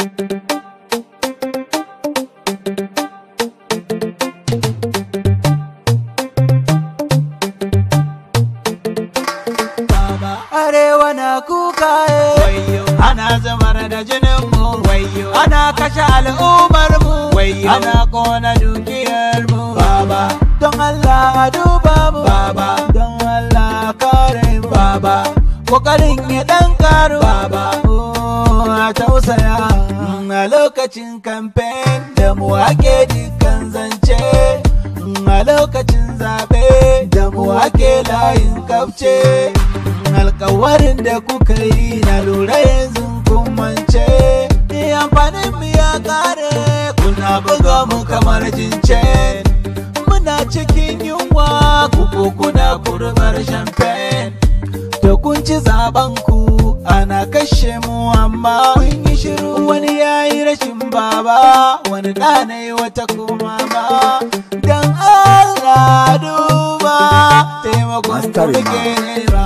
arewa na kuka eh. ana zubar da jinin mu ana kashe al'ummar mu ana kona dukiyar mu baba don Allah a duba baba don Allah kare mu baba kokarin ya dan karu lokacin kamfen da mu ake dukkan zance mm, a lokacin zaɓe da mu ake layin kafce mm, alkawarin da kuka yi na lura yanzu kun mance eh, amfanin mu ya kare kuna buga mu kamar jince muna cikin yunwa kuku kuna kurbar champagne da kun ci zaɓen ku kashe mu amma mun yi shiru wani yi rashin baba wani da na yi wata kuma ba dan Allah duba taimakon da muke nema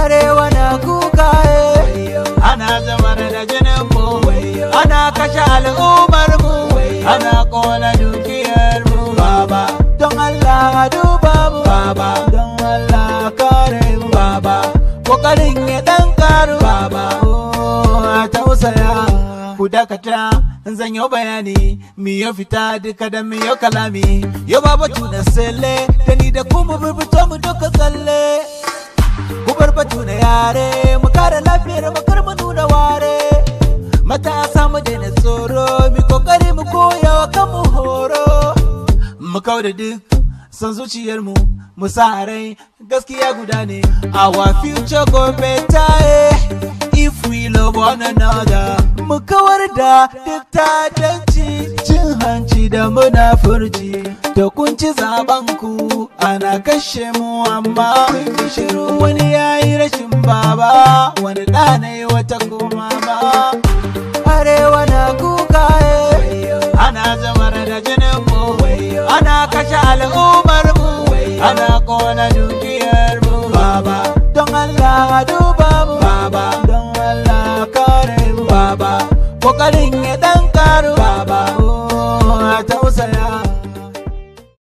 arewa na kuka ana zama da jinin mu ana kashe al'ummar mu ana kona dukiyar mu baba don Allah duba mu baba don Allah kare mu baba kokarin ku dakata zan yi bayani mi ya fita duka da mi ya kalami ya baba tuna sele da ni da kuma mu duka tsalle ku barbatu na yare mu kare lafiyar mu mu nuna ware matasa mu daina tsoro mi kokari mu koya wa kan mu horo mu da duk san zuciyar mu sa rai gaskiya guda ne our future go better if we love one another mu kawar da diktatanci cin hanci da munafurci da kunci zaben ku ana kashe mu amma shiru wani yayi rashin baba wani dane wata kuma ba arewa ¡Gracias!